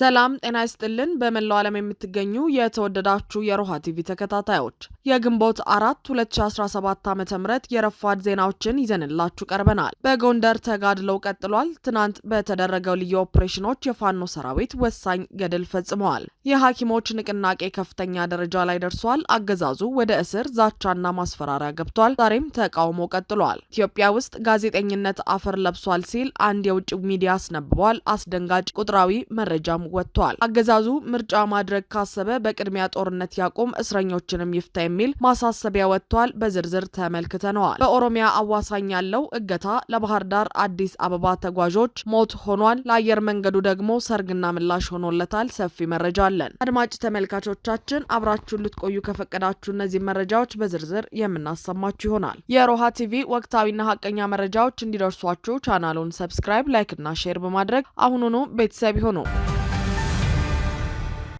ሰላም ጤና ይስጥልን። በመላው ዓለም የምትገኙ የተወደዳችሁ የሮሃ ቲቪ ተከታታዮች የግንቦት አራት 2017 ዓ ም የረፋድ ዜናዎችን ይዘንላችሁ ቀርበናል። በጎንደር ተጋድለው ቀጥሏል። ትናንት በተደረገው ልዩ ኦፕሬሽኖች የፋኖ ሰራዊት ወሳኝ ገድል ፈጽመዋል። የሐኪሞች ንቅናቄ ከፍተኛ ደረጃ ላይ ደርሷል። አገዛዙ ወደ እስር ዛቻና ማስፈራሪያ ገብቷል። ዛሬም ተቃውሞ ቀጥሏል። ኢትዮጵያ ውስጥ ጋዜጠኝነት አፈር ለብሷል ሲል አንድ የውጭ ሚዲያ አስነብቧል። አስደንጋጭ ቁጥራዊ መረጃም ወጥቷል። አገዛዙ ምርጫ ማድረግ ካሰበ በቅድሚያ ጦርነት ያቁም፣ እስረኞችንም ይፍታ የሚል ማሳሰቢያ ወጥቷል። በዝርዝር ተመልክተነዋል። በኦሮሚያ አዋሳኝ ያለው እገታ ለባህር ዳር አዲስ አበባ ተጓዦች ሞት ሆኗል። ለአየር መንገዱ ደግሞ ሰርግና ምላሽ ሆኖለታል። ሰፊ መረጃ አለን። አድማጭ ተመልካቾቻችን አብራችሁን ልትቆዩ ከፈቀዳችሁ እነዚህ መረጃዎች በዝርዝር የምናሰማችሁ ይሆናል። የሮሃ ቲቪ ወቅታዊና ሀቀኛ መረጃዎች እንዲደርሷችሁ ቻናሉን ሰብስክራይብ፣ ላይክና ሼር በማድረግ አሁኑኑ ቤተሰብ ይሁኑ።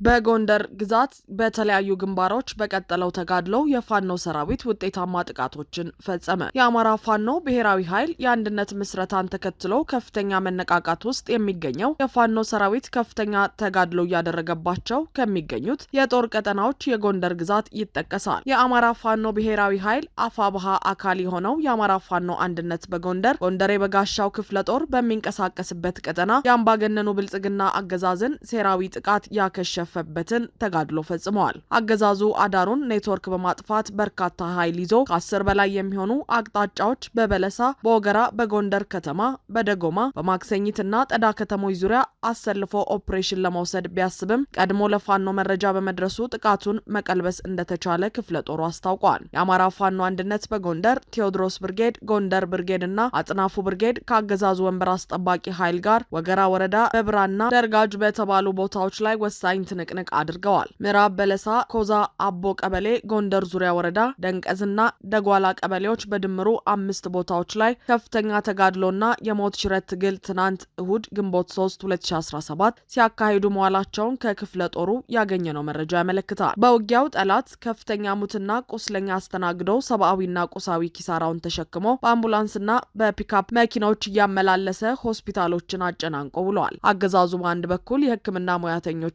በጎንደር ግዛት በተለያዩ ግንባሮች በቀጠለው ተጋድሎ የፋኖ ሰራዊት ውጤታማ ጥቃቶችን ፈጸመ። የአማራ ፋኖ ብሔራዊ ኃይል የአንድነት ምስረታን ተከትሎ ከፍተኛ መነቃቃት ውስጥ የሚገኘው የፋኖ ሰራዊት ከፍተኛ ተጋድሎ እያደረገባቸው ከሚገኙት የጦር ቀጠናዎች የጎንደር ግዛት ይጠቀሳል። የአማራ ፋኖ ብሔራዊ ኃይል አፋብሃ አካል የሆነው የአማራ ፋኖ አንድነት በጎንደር ጎንደር የበጋሻው ክፍለ ጦር በሚንቀሳቀስበት ቀጠና የአምባገነኑ ብልጽግና አገዛዝን ሴራዊ ጥቃት ያከሸፈ ያረፈበትን ተጋድሎ ፈጽመዋል። አገዛዙ አዳሩን ኔትወርክ በማጥፋት በርካታ ኃይል ይዞ ከአስር በላይ የሚሆኑ አቅጣጫዎች በበለሳ፣ በወገራ፣ በጎንደር ከተማ፣ በደጎማ፣ በማክሰኝትና ጠዳ ከተሞች ዙሪያ አሰልፎ ኦፕሬሽን ለመውሰድ ቢያስብም ቀድሞ ለፋኖ መረጃ በመድረሱ ጥቃቱን መቀልበስ እንደተቻለ ክፍለ ጦሩ አስታውቋል። የአማራ ፋኖ አንድነት በጎንደር ቴዎድሮስ ብርጌድ፣ ጎንደር ብርጌድ እና አጽናፉ ብርጌድ ከአገዛዙ ወንበር አስጠባቂ ኃይል ጋር ወገራ ወረዳ በብራና ደርጋጅ በተባሉ ቦታዎች ላይ ወሳኝ ትንቅንቅ አድርገዋል። ምዕራብ በለሳ ኮዛ አቦ ቀበሌ፣ ጎንደር ዙሪያ ወረዳ ደንቀዝና ደጓላ ቀበሌዎች በድምሩ አምስት ቦታዎች ላይ ከፍተኛ ተጋድሎና የሞት ሽረት ትግል ትናንት እሁድ ግንቦት 3 2017 ሲያካሂዱ መዋላቸውን ከክፍለ ጦሩ ያገኘነው መረጃ ያመለክታል። በውጊያው ጠላት ከፍተኛ ሙትና ቁስለኛ አስተናግዶ ሰብአዊና ቁሳዊ ኪሳራውን ተሸክሞ በአምቡላንስና በፒካፕ መኪናዎች እያመላለሰ ሆስፒታሎችን አጨናንቆ ውለዋል። አገዛዙ በአንድ በኩል የሕክምና ሙያተኞችን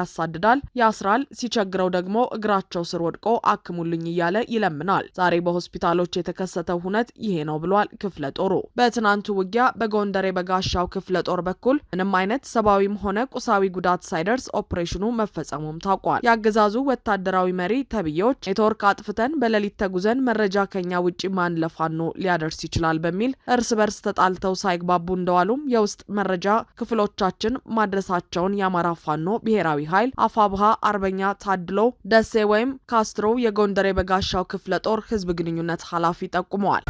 ያሳድዳል፣ ያስራል። ሲቸግረው ደግሞ እግራቸው ስር ወድቆ አክሙልኝ እያለ ይለምናል። ዛሬ በሆስፒታሎች የተከሰተው ሁነት ይሄ ነው ብሏል ክፍለ ጦሩ። በትናንቱ ውጊያ በጎንደር በጋሻው ክፍለ ጦር በኩል ምንም አይነት ሰብአዊም ሆነ ቁሳዊ ጉዳት ሳይደርስ ኦፕሬሽኑ መፈጸሙም ታውቋል። የአገዛዙ ወታደራዊ መሪ ተብዬዎች ኔትወርክ አጥፍተን በሌሊት ተጉዘን መረጃ ከኛ ውጭ ማን ለፋኖ ሊያደርስ ይችላል በሚል እርስ በርስ ተጣልተው ሳይግባቡ እንደዋሉም የውስጥ መረጃ ክፍሎቻችን ማድረሳቸውን የአማራ ፋኖ ብሔራዊ ኃይል አፋብሃ አርበኛ ታድሎ ደሴ ወይም ካስትሮ የጎንደር የበጋሻው ክፍለ ጦር ህዝብ ግንኙነት ኃላፊ ጠቁመዋል።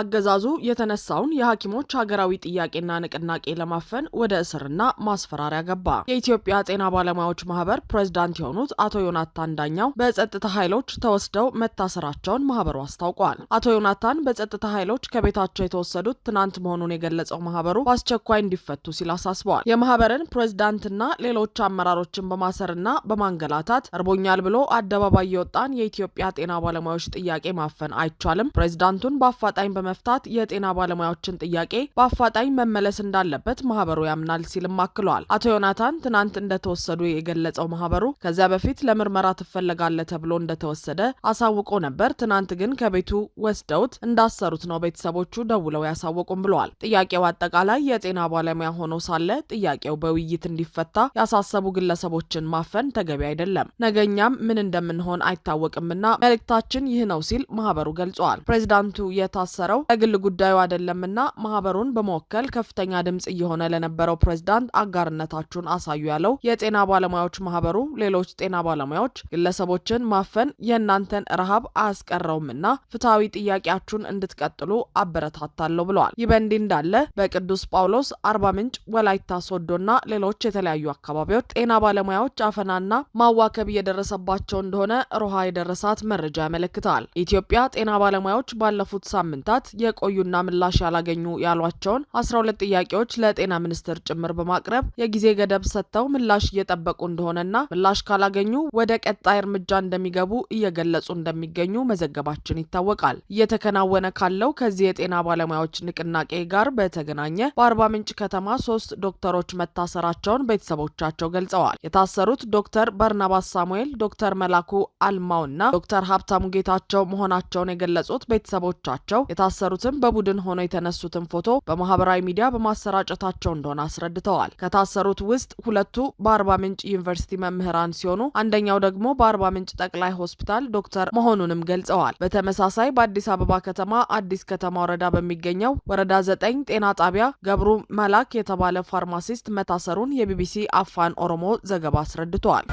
አገዛዙ የተነሳውን የሐኪሞች ሀገራዊ ጥያቄና ንቅናቄ ለማፈን ወደ እስርና ማስፈራሪያ ገባ። የኢትዮጵያ ጤና ባለሙያዎች ማህበር ፕሬዝዳንት የሆኑት አቶ ዮናታን ዳኛው በጸጥታ ኃይሎች ተወስደው መታሰራቸውን ማህበሩ አስታውቋል። አቶ ዮናታን በጸጥታ ኃይሎች ከቤታቸው የተወሰዱት ትናንት መሆኑን የገለጸው ማህበሩ በአስቸኳይ እንዲፈቱ ሲል አሳስበዋል። የማህበርን ፕሬዝዳንትና ሌሎች አመራሮችን በማሰርና በማንገላታት እርቦኛል ብሎ አደባባይ የወጣን የኢትዮጵያ ጤና ባለሙያዎች ጥያቄ ማፈን አይቻልም። ፕሬዝዳንቱን በአፋጣኝ በመፍታት የጤና ባለሙያዎችን ጥያቄ በአፋጣኝ መመለስ እንዳለበት ማህበሩ ያምናል ሲልም አክለዋል። አቶ ዮናታን ትናንት እንደተወሰዱ የገለጸው ማህበሩ ከዚያ በፊት ለምርመራ ትፈለጋለህ ተብሎ እንደተወሰደ አሳውቆ ነበር። ትናንት ግን ከቤቱ ወስደውት እንዳሰሩት ነው ቤተሰቦቹ ደውለው ያሳወቁም ብለዋል። ጥያቄው አጠቃላይ የጤና ባለሙያ ሆኖ ሳለ ጥያቄው በውይይት እንዲፈታ ያሳሰቡ ግለሰቦችን ማፈን ተገቢ አይደለም። ነገኛም ምን እንደምንሆን አይታወቅምና መልእክታችን ይህ ነው ሲል ማህበሩ ገልጿል። ፕሬዚዳንቱ የታሰ የተሳሰረው ለግል ጉዳዩ አይደለምና ማህበሩን በመወከል ከፍተኛ ድምፅ እየሆነ ለነበረው ፕሬዚዳንት አጋርነታችሁን አሳዩ ያለው የጤና ባለሙያዎች ማህበሩ ሌሎች ጤና ባለሙያዎች ግለሰቦችን ማፈን የእናንተን ረሃብ አያስቀረውምና ፍትሐዊ ጥያቄያችሁን እንድትቀጥሉ አበረታታለሁ ብለዋል። ይህ በእንዲህ እንዳለ በቅዱስ ጳውሎስ፣ አርባ ምንጭ፣ ወላይታ ሶዶና ሌሎች የተለያዩ አካባቢዎች ጤና ባለሙያዎች አፈናና ማዋከብ እየደረሰባቸው እንደሆነ ሮሃ የደረሳት መረጃ ያመለክታል። ኢትዮጵያ ጤና ባለሙያዎች ባለፉት ሳምንታት ወራት የቆዩና ምላሽ ያላገኙ ያሏቸውን አስራ ሁለት ጥያቄዎች ለጤና ሚኒስቴር ጭምር በማቅረብ የጊዜ ገደብ ሰጥተው ምላሽ እየጠበቁ እንደሆነና ምላሽ ካላገኙ ወደ ቀጣይ እርምጃ እንደሚገቡ እየገለጹ እንደሚገኙ መዘገባችን ይታወቃል። እየተከናወነ ካለው ከዚህ የጤና ባለሙያዎች ንቅናቄ ጋር በተገናኘ በአርባ ምንጭ ከተማ ሶስት ዶክተሮች መታሰራቸውን ቤተሰቦቻቸው ገልጸዋል። የታሰሩት ዶክተር በርናባስ ሳሙኤል፣ ዶክተር መላኩ አልማው እና ዶክተር ሀብታሙ ጌታቸው መሆናቸውን የገለጹት ቤተሰቦቻቸው የታሰሩትም በቡድን ሆነው የተነሱትን ፎቶ በማህበራዊ ሚዲያ በማሰራጨታቸው እንደሆነ አስረድተዋል። ከታሰሩት ውስጥ ሁለቱ በአርባ ምንጭ ዩኒቨርሲቲ መምህራን ሲሆኑ አንደኛው ደግሞ በአርባ ምንጭ ጠቅላይ ሆስፒታል ዶክተር መሆኑንም ገልጸዋል። በተመሳሳይ በአዲስ አበባ ከተማ አዲስ ከተማ ወረዳ በሚገኘው ወረዳ ዘጠኝ ጤና ጣቢያ ገብሩ መላክ የተባለ ፋርማሲስት መታሰሩን የቢቢሲ አፋን ኦሮሞ ዘገባ አስረድተዋል።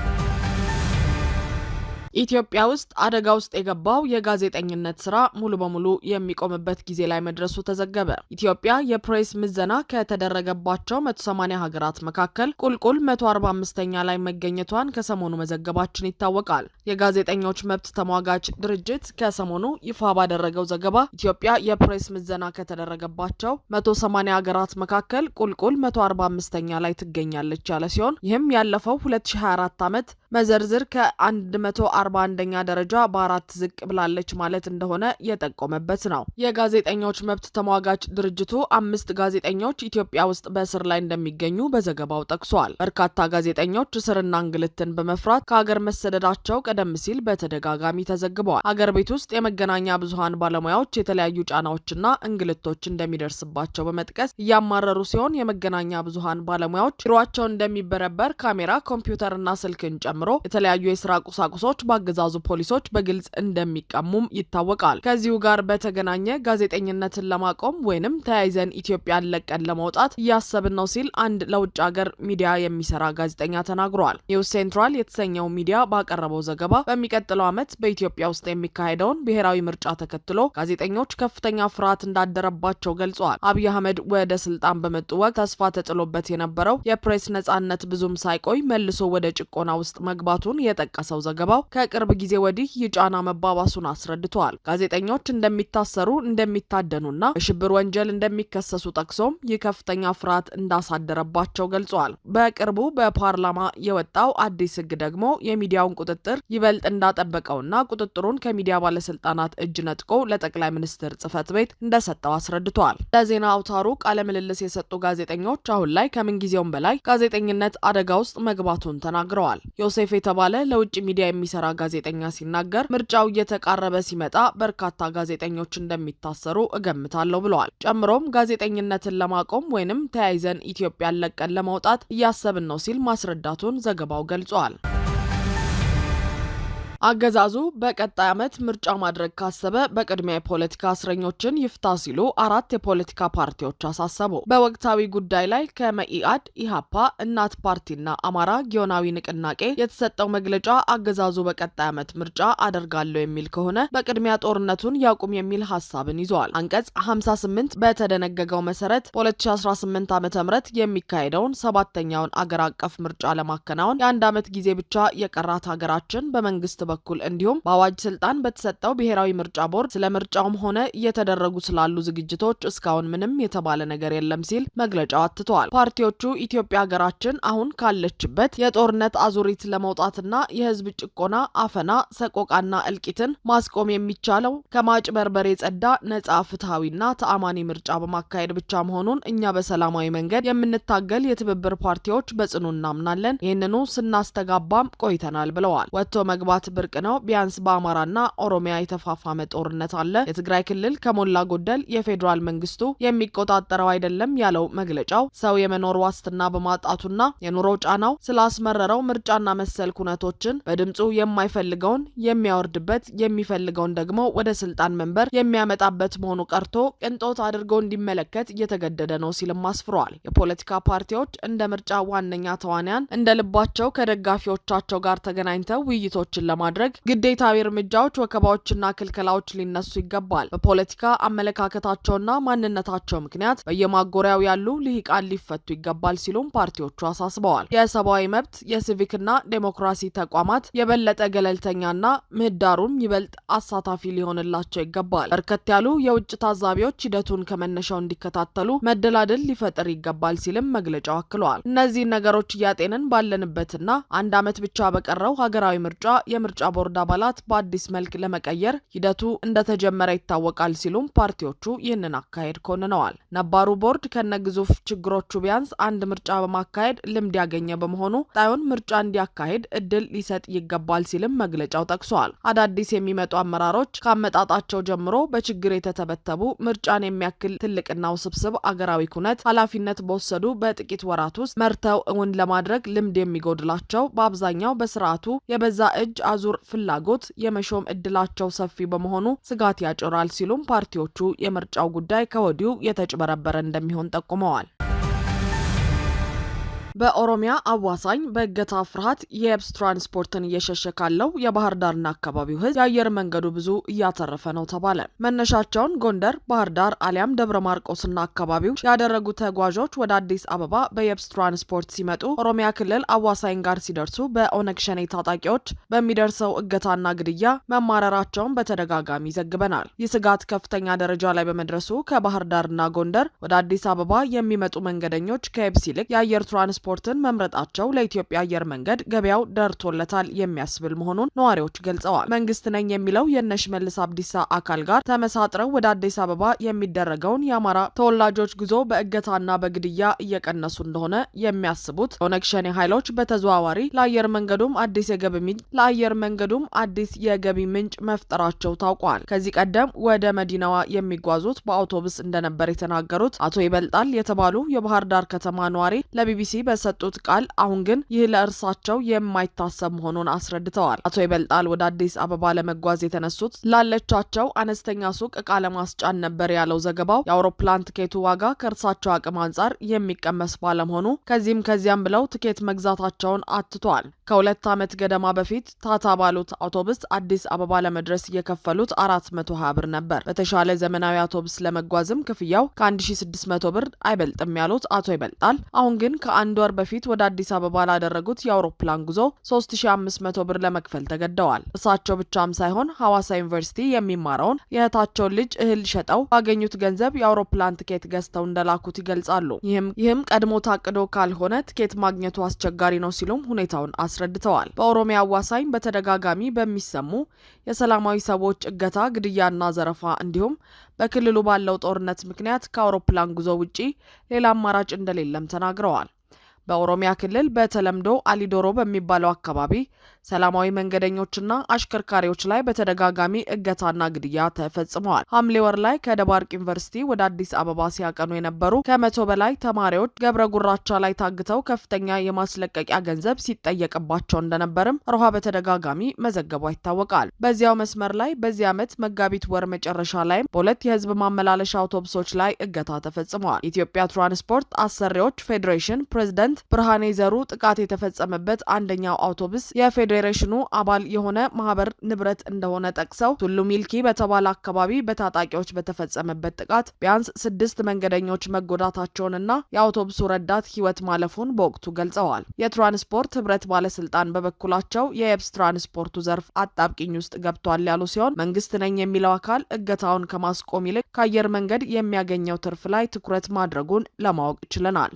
ኢትዮጵያ ውስጥ አደጋ ውስጥ የገባው የጋዜጠኝነት ስራ ሙሉ በሙሉ የሚቆምበት ጊዜ ላይ መድረሱ ተዘገበ። ኢትዮጵያ የፕሬስ ምዘና ከተደረገባቸው 180 ሀገራት መካከል ቁልቁል 145ኛ ላይ መገኘቷን ከሰሞኑ መዘገባችን ይታወቃል። የጋዜጠኞች መብት ተሟጋች ድርጅት ከሰሞኑ ይፋ ባደረገው ዘገባ ኢትዮጵያ የፕሬስ ምዘና ከተደረገባቸው 180 ሀገራት መካከል ቁልቁል 145ኛ ላይ ትገኛለች ያለ ሲሆን ይህም ያለፈው 2024 ዓመት መዘርዝር ከ1 41ኛ ደረጃ በአራት ዝቅ ብላለች ማለት እንደሆነ የጠቆመበት ነው። የጋዜጠኞች መብት ተሟጋች ድርጅቱ አምስት ጋዜጠኞች ኢትዮጵያ ውስጥ በእስር ላይ እንደሚገኙ በዘገባው ጠቅሷል። በርካታ ጋዜጠኞች እስርና እንግልትን በመፍራት ከሀገር መሰደዳቸው ቀደም ሲል በተደጋጋሚ ተዘግበዋል። ሀገር ቤት ውስጥ የመገናኛ ብዙኃን ባለሙያዎች የተለያዩ ጫናዎችና እንግልቶች እንደሚደርስባቸው በመጥቀስ እያማረሩ ሲሆን የመገናኛ ብዙኃን ባለሙያዎች ቢሮቸው እንደሚበረበር ካሜራ፣ ኮምፒውተርና ስልክን ጨምሮ የተለያዩ የስራ ቁሳቁሶች በአገዛዙ ፖሊሶች በግልጽ እንደሚቀሙም ይታወቃል። ከዚሁ ጋር በተገናኘ ጋዜጠኝነትን ለማቆም ወይንም ተያይዘን ኢትዮጵያን ለቀን ለመውጣት እያሰብን ነው ሲል አንድ ለውጭ ሀገር ሚዲያ የሚሰራ ጋዜጠኛ ተናግሯል። ኒውስ ሴንትራል የተሰኘው ሚዲያ ባቀረበው ዘገባ በሚቀጥለው ዓመት በኢትዮጵያ ውስጥ የሚካሄደውን ብሔራዊ ምርጫ ተከትሎ ጋዜጠኞች ከፍተኛ ፍርሃት እንዳደረባቸው ገልጿል። አብይ አህመድ ወደ ስልጣን በመጡ ወቅት ተስፋ ተጥሎበት የነበረው የፕሬስ ነጻነት ብዙም ሳይቆይ መልሶ ወደ ጭቆና ውስጥ መግባቱን የጠቀሰው ዘገባው ከቅርብ ጊዜ ወዲህ የጫና መባባሱን አስረድተዋል። ጋዜጠኞች እንደሚታሰሩ እንደሚታደኑና በሽብር ወንጀል እንደሚከሰሱ ጠቅሶም ይህ ከፍተኛ ፍርሃት እንዳሳደረባቸው ገልጸዋል። በቅርቡ በፓርላማ የወጣው አዲስ ህግ ደግሞ የሚዲያውን ቁጥጥር ይበልጥ እንዳጠበቀውና ቁጥጥሩን ከሚዲያ ባለስልጣናት እጅ ነጥቆ ለጠቅላይ ሚኒስትር ጽህፈት ቤት እንደሰጠው አስረድተዋል። ለዜና አውታሩ ቃለ ምልልስ የሰጡ ጋዜጠኞች አሁን ላይ ከምንጊዜውም በላይ ጋዜጠኝነት አደጋ ውስጥ መግባቱን ተናግረዋል። ዮሴፍ የተባለ ለውጭ ሚዲያ የሚሰራ ጋዜጠኛ ሲናገር ምርጫው እየተቃረበ ሲመጣ በርካታ ጋዜጠኞች እንደሚታሰሩ እገምታለሁ ብለዋል። ጨምሮም ጋዜጠኝነትን ለማቆም ወይንም ተያይዘን ኢትዮጵያን ለቀን ለማውጣት እያሰብን ነው ሲል ማስረዳቱን ዘገባው ገልጿል። አገዛዙ በቀጣይ ዓመት ምርጫ ማድረግ ካሰበ በቅድሚያ የፖለቲካ እስረኞችን ይፍታ ሲሉ አራት የፖለቲካ ፓርቲዎች አሳሰቡ። በወቅታዊ ጉዳይ ላይ ከመኢአድ፣ ኢሃፓ፣ እናት ፓርቲና አማራ ጊዮናዊ ንቅናቄ የተሰጠው መግለጫ አገዛዙ በቀጣይ ዓመት ምርጫ አደርጋለሁ የሚል ከሆነ በቅድሚያ ጦርነቱን ያቁም የሚል ሀሳብን ይዘዋል። አንቀጽ 58 በተደነገገው መሰረት በ2018 ዓ ም የሚካሄደውን ሰባተኛውን አገር አቀፍ ምርጫ ለማከናወን የአንድ ዓመት ጊዜ ብቻ የቀራት ሀገራችን በመንግስት በኩል እንዲሁም በአዋጅ ስልጣን በተሰጠው ብሔራዊ ምርጫ ቦርድ ስለ ምርጫውም ሆነ እየተደረጉ ስላሉ ዝግጅቶች እስካሁን ምንም የተባለ ነገር የለም ሲል መግለጫው አትተዋል። ፓርቲዎቹ ኢትዮጵያ ሀገራችን አሁን ካለችበት የጦርነት አዙሪት ለመውጣትና የህዝብ ጭቆና፣ አፈና፣ ሰቆቃና እልቂትን ማስቆም የሚቻለው ከማጭበርበር የጸዳ ነጻ፣ ፍትሐዊና ተአማኒ ምርጫ በማካሄድ ብቻ መሆኑን እኛ በሰላማዊ መንገድ የምንታገል የትብብር ፓርቲዎች በጽኑ እናምናለን። ይህንኑ ስናስተጋባም ቆይተናል ብለዋል። ወጥቶ መግባት እርቅ ነው። ቢያንስ በአማራና ኦሮሚያ የተፋፋመ ጦርነት አለ። የትግራይ ክልል ከሞላ ጎደል የፌዴራል መንግስቱ የሚቆጣጠረው አይደለም ያለው መግለጫው ሰው የመኖር ዋስትና በማጣቱና የኑሮ ጫናው ስላስመረረው ምርጫና መሰል ኩነቶችን በድምፁ የማይፈልገውን የሚያወርድበት የሚፈልገውን ደግሞ ወደ ስልጣን መንበር የሚያመጣበት መሆኑ ቀርቶ ቅንጦት አድርጎ እንዲመለከት እየተገደደ ነው ሲልም አስፍረዋል። የፖለቲካ ፓርቲዎች እንደ ምርጫ ዋነኛ ተዋንያን እንደ ልባቸው ከደጋፊዎቻቸው ጋር ተገናኝተው ውይይቶችን ለማድረግ ለማድረግ ግዴታዊ እርምጃዎች፣ ወከባዎችና ክልከላዎች ሊነሱ ይገባል። በፖለቲካ አመለካከታቸውና ማንነታቸው ምክንያት በየማጎሪያው ያሉ ልሂቃን ሊፈቱ ይገባል ሲሉም ፓርቲዎቹ አሳስበዋል። የሰብአዊ መብት የሲቪክና ዴሞክራሲ ተቋማት የበለጠ ገለልተኛና ምህዳሩም ይበልጥ አሳታፊ ሊሆንላቸው ይገባል። በርከት ያሉ የውጭ ታዛቢዎች ሂደቱን ከመነሻው እንዲከታተሉ መደላደል ሊፈጥር ይገባል ሲልም መግለጫው አክለዋል። እነዚህን ነገሮች እያጤንን ባለንበትና አንድ ዓመት ብቻ በቀረው ሀገራዊ ምርጫ የምርጫ ቦርድ አባላት በአዲስ መልክ ለመቀየር ሂደቱ እንደተጀመረ ይታወቃል ሲሉም ፓርቲዎቹ ይህንን አካሄድ ኮንነዋል። ነባሩ ቦርድ ከነ ግዙፍ ችግሮቹ ቢያንስ አንድ ምርጫ በማካሄድ ልምድ ያገኘ በመሆኑ ጣዩን ምርጫ እንዲያካሄድ እድል ሊሰጥ ይገባል ሲልም መግለጫው ጠቅሷል። አዳዲስ የሚመጡ አመራሮች ከአመጣጣቸው ጀምሮ በችግር የተተበተቡ ምርጫን የሚያክል ትልቅና ውስብስብ አገራዊ ኩነት ኃላፊነት በወሰዱ በጥቂት ወራት ውስጥ መርተው እውን ለማድረግ ልምድ የሚጎድላቸው በአብዛኛው በስርዓቱ የበዛ እጅ አዙ ዙር ፍላጎት የመሾም እድላቸው ሰፊ በመሆኑ ስጋት ያጭራል ሲሉም ፓርቲዎቹ የምርጫው ጉዳይ ከወዲሁ የተጭበረበረ እንደሚሆን ጠቁመዋል። በኦሮሚያ አዋሳኝ በእገታ ፍርሃት የየብስ ትራንስፖርትን እየሸሸ ካለው የባህር ዳርና አካባቢው ህዝብ የአየር መንገዱ ብዙ እያተረፈ ነው ተባለ። መነሻቸውን ጎንደር፣ ባህር ዳር አሊያም ደብረ ማርቆስና አካባቢው ያደረጉ ተጓዦች ወደ አዲስ አበባ በየብስ ትራንስፖርት ሲመጡ ኦሮሚያ ክልል አዋሳኝ ጋር ሲደርሱ በኦነግ ሸኔ ታጣቂዎች በሚደርሰው እገታና ግድያ መማረራቸውን በተደጋጋሚ ዘግበናል። ይህ ስጋት ከፍተኛ ደረጃ ላይ በመድረሱ ከባህር ዳርና ጎንደር ወደ አዲስ አበባ የሚመጡ መንገደኞች ከየብስ ይልቅ የአየር ትራንስፖርት ትራንስፖርትን መምረጣቸው ለኢትዮጵያ አየር መንገድ ገበያው ደርቶለታል የሚያስብል መሆኑን ነዋሪዎች ገልጸዋል። መንግስት ነኝ የሚለው የእነ ሽመልስ አብዲሳ አካል ጋር ተመሳጥረው ወደ አዲስ አበባ የሚደረገውን የአማራ ተወላጆች ጉዞ በእገታና በግድያ እየቀነሱ እንደሆነ የሚያስቡት ኦነግ ሸኔ ኃይሎች በተዘዋዋሪ ለአየር መንገዱም አዲስ የገቢ ምንጭ ለአየር መንገዱም አዲስ የገቢ ምንጭ መፍጠራቸው ታውቋል። ከዚህ ቀደም ወደ መዲናዋ የሚጓዙት በአውቶቡስ እንደነበር የተናገሩት አቶ ይበልጣል የተባሉ የባህር ዳር ከተማ ነዋሪ ለቢቢሲ በሰጡት ቃል አሁን ግን ይህ ለእርሳቸው የማይታሰብ መሆኑን አስረድተዋል። አቶ ይበልጣል ወደ አዲስ አበባ ለመጓዝ የተነሱት ላለቻቸው አነስተኛ ሱቅ እቃ ለማስጫን ነበር ያለው ዘገባው። የአውሮፕላን ትኬቱ ዋጋ ከእርሳቸው አቅም አንጻር የሚቀመስ ባለመሆኑ ከዚህም ከዚያም ብለው ትኬት መግዛታቸውን አትተዋል። ከሁለት ዓመት ገደማ በፊት ታታ ባሉት አውቶቡስ አዲስ አበባ ለመድረስ እየከፈሉት አራት መቶ ሀያ ብር ነበር። በተሻለ ዘመናዊ አውቶቡስ ለመጓዝም ክፍያው ከ1600 ብር አይበልጥም ያሉት አቶ ይበልጣል አሁን ግን ከአንዱ ወር በፊት ወደ አዲስ አበባ ላደረጉት የአውሮፕላን ጉዞ 3500 ብር ለመክፈል ተገደዋል። እሳቸው ብቻም ሳይሆን ሐዋሳ ዩኒቨርሲቲ የሚማረውን የእህታቸውን ልጅ እህል ሸጠው ባገኙት ገንዘብ የአውሮፕላን ትኬት ገዝተው እንደላኩት ይገልጻሉ። ይህም ቀድሞ ታቅዶ ካልሆነ ትኬት ማግኘቱ አስቸጋሪ ነው ሲሉም ሁኔታውን አስረድተዋል። በኦሮሚያ አዋሳኝ በተደጋጋሚ በሚሰሙ የሰላማዊ ሰዎች እገታ፣ ግድያና ዘረፋ እንዲሁም በክልሉ ባለው ጦርነት ምክንያት ከአውሮፕላን ጉዞ ውጪ ሌላ አማራጭ እንደሌለም ተናግረዋል። በኦሮሚያ ክልል በተለምዶ አሊዶሮ በሚባለው አካባቢ ሰላማዊ መንገደኞችና አሽከርካሪዎች ላይ በተደጋጋሚ እገታና ግድያ ተፈጽመዋል። ሐምሌ ወር ላይ ከደባርቅ ዩኒቨርሲቲ ወደ አዲስ አበባ ሲያቀኑ የነበሩ ከመቶ በላይ ተማሪዎች ገብረ ጉራቻ ላይ ታግተው ከፍተኛ የማስለቀቂያ ገንዘብ ሲጠየቅባቸው እንደነበርም ሮሃ በተደጋጋሚ መዘገቧ ይታወቃል። በዚያው መስመር ላይ በዚህ ዓመት መጋቢት ወር መጨረሻ ላይም በሁለት የህዝብ ማመላለሻ አውቶቡሶች ላይ እገታ ተፈጽመዋል። ኢትዮጵያ ትራንስፖርት አሰሪዎች ፌዴሬሽን ፕሬዝደንት ብርሃኔ ዘሩ ጥቃት የተፈጸመበት አንደኛው አውቶቡስ የፌዴ የፌዴሬሽኑ አባል የሆነ ማህበር ንብረት እንደሆነ ጠቅሰው ቱሉ ሚልኪ በተባለ አካባቢ በታጣቂዎች በተፈጸመበት ጥቃት ቢያንስ ስድስት መንገደኞች መጎዳታቸውንና የአውቶቡሱ ረዳት ህይወት ማለፉን በወቅቱ ገልጸዋል። የትራንስፖርት ህብረት ባለስልጣን በበኩላቸው የየብስ ትራንስፖርቱ ዘርፍ አጣብቂኝ ውስጥ ገብቷል ያሉ ሲሆን መንግስት ነኝ የሚለው አካል እገታውን ከማስቆም ይልቅ ከአየር መንገድ የሚያገኘው ትርፍ ላይ ትኩረት ማድረጉን ለማወቅ ችለናል።